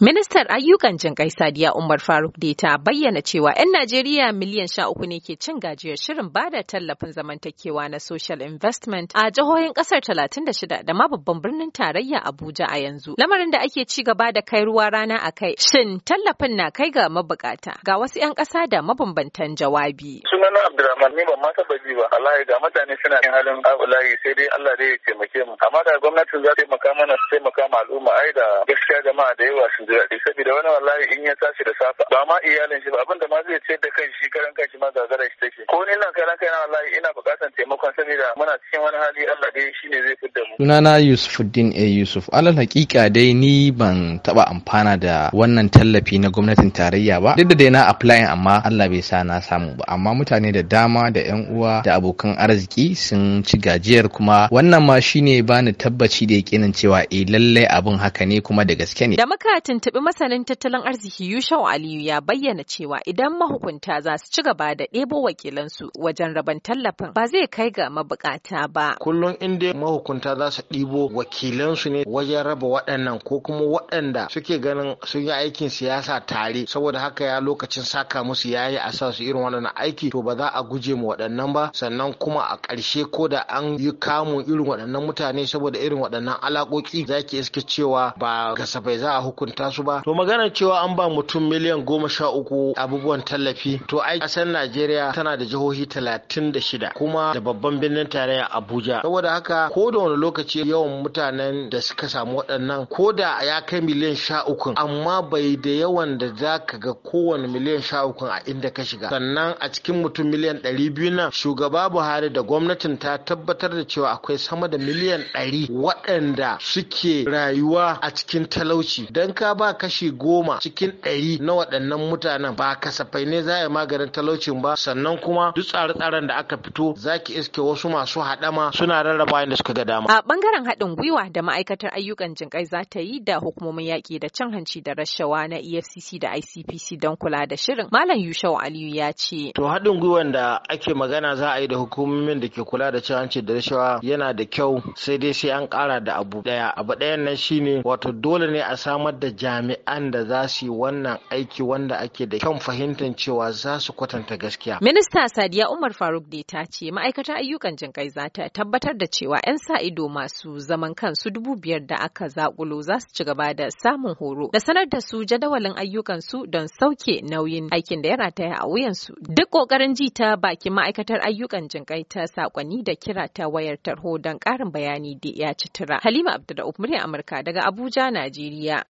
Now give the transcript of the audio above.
Minnesota Ministar ayyukan jinƙai Sadiya Umar Faruk da ta bayyana cewa 'yan Najeriya miliyan sha uku ne ke cin gajiyar shirin bada tallafin zamantakewa na social investment a jihohin ƙasar 36 da ma babban birnin tarayya Abuja a yanzu. Lamarin da ake ci gaba da kai ruwa rana a kai. Shin tallafin na kai ga mabukata ga wasu 'yan ƙasa da mabambantan jawabi. Sunana Abdulrahman ni ba ma taɓa ji ba. Allah ga mutane suna yin halin abulayi sai dai Allah dai ya taimake mu. Amma da gwamnatin za ta taimaka mana su taimaka ma al'umma ai da gaskiya jama'a da yawa sun ji daɗi saboda wani wallahi in ya tashi da safa ba ma iyalin shi ba abinda ma zai ce da kai shi karan shi ma zazara shi take ko ni nan karan kai na wallahi ina bukatan taimakon saboda muna cikin wani hali Allah dai shine zai fidda mu Suna sunana Yusufuddin A Yusuf alal hakika dai ni ban taba amfana da wannan tallafi na gwamnatin tarayya ba duk da dai na apply amma Allah bai sa na samu ba amma mutane da dama da yan uwa da abokan arziki sun ci gajiyar kuma wannan ma shine bani tabbaci da yakinin cewa eh lallai abin haka ne kuma da gaske ne da muka tuntubi masanin tattalin arziki Yushau Aliyu ya bayyana cewa idan mahukunta za su ci gaba da ɗebo wakilansu wajen rabon tallafin ba zai kai ga mabukata ba. Kullum inda mahukunta za su ɗibo wakilansu ne wajen raba waɗannan ko kuma waɗanda suke ganin sun yi aikin siyasa tare saboda haka ya lokacin saka musu yayi a sa su irin waɗannan aiki to ba za a guje mu waɗannan ba sannan kuma a ƙarshe ko da an yi kamu irin waɗannan mutane saboda irin waɗannan alaƙoƙi za ki iske cewa ba gasafai za a hukunta su ba to maganar cewa an ba mutum miliyan goma sha uku abubuwan tallafi to ai kasar najeriya tana da jihohi talatin da shida kuma da babban birnin tarayya abuja saboda haka ko da wani lokaci yawan mutanen da suka samu waɗannan ko da ya kai miliyan sha uku amma bai da yawan da za ka ga kowane miliyan sha uku a inda ka shiga sannan a cikin mutum miliyan ɗari biyu nan shugaba buhari da gwamnatin ta tabbatar da cewa akwai sama da miliyan ɗari waɗanda suke rayuwa a cikin talauci don ka ba kashi kashi goma cikin ɗari na waɗannan mutanen ba kasafai ne za a yi maganin talaucin ba sannan kuma duk tsare-tsaren da aka fito za ki iske wasu masu haɗama suna rarraba da suka ga dama. A ɓangaren haɗin gwiwa da ma'aikatar ayyukan jinƙai za ta yi da hukumomin yaƙi da cin hanci da rashawa na EFCC da ICPC don kula da shirin. Malam Yushau Aliyu ya ce. To haɗin gwiwan da ake magana za a yi da hukumomin da ke kula da cin hanci da rashawa yana da kyau sai dai sai an ƙara da abu ɗaya. Abu ɗayan nan shine wato dole ne a samar da jami'ai jami'an da za su yi wannan aiki wanda ake da kyan fahimtar cewa za su kwatanta gaskiya. Minista Sadiya Umar Faruk da ta ce ma'aikatar ayyukan jinkai za ta tabbatar da cewa 'yan sa ido masu zaman kansu dubu biyar da aka zakulo za su ci gaba da samun horo da sanar da su jadawalin ayyukan su don sauke nauyin aikin da ya a wuyansu. Duk kokarin ji ta bakin ma'aikatar ayyukan kai ta sakonni da kira ta wayar tarho don karin bayani da ya ci tura. Halima Abdulrauf murya Amurka daga Abuja, Najeriya.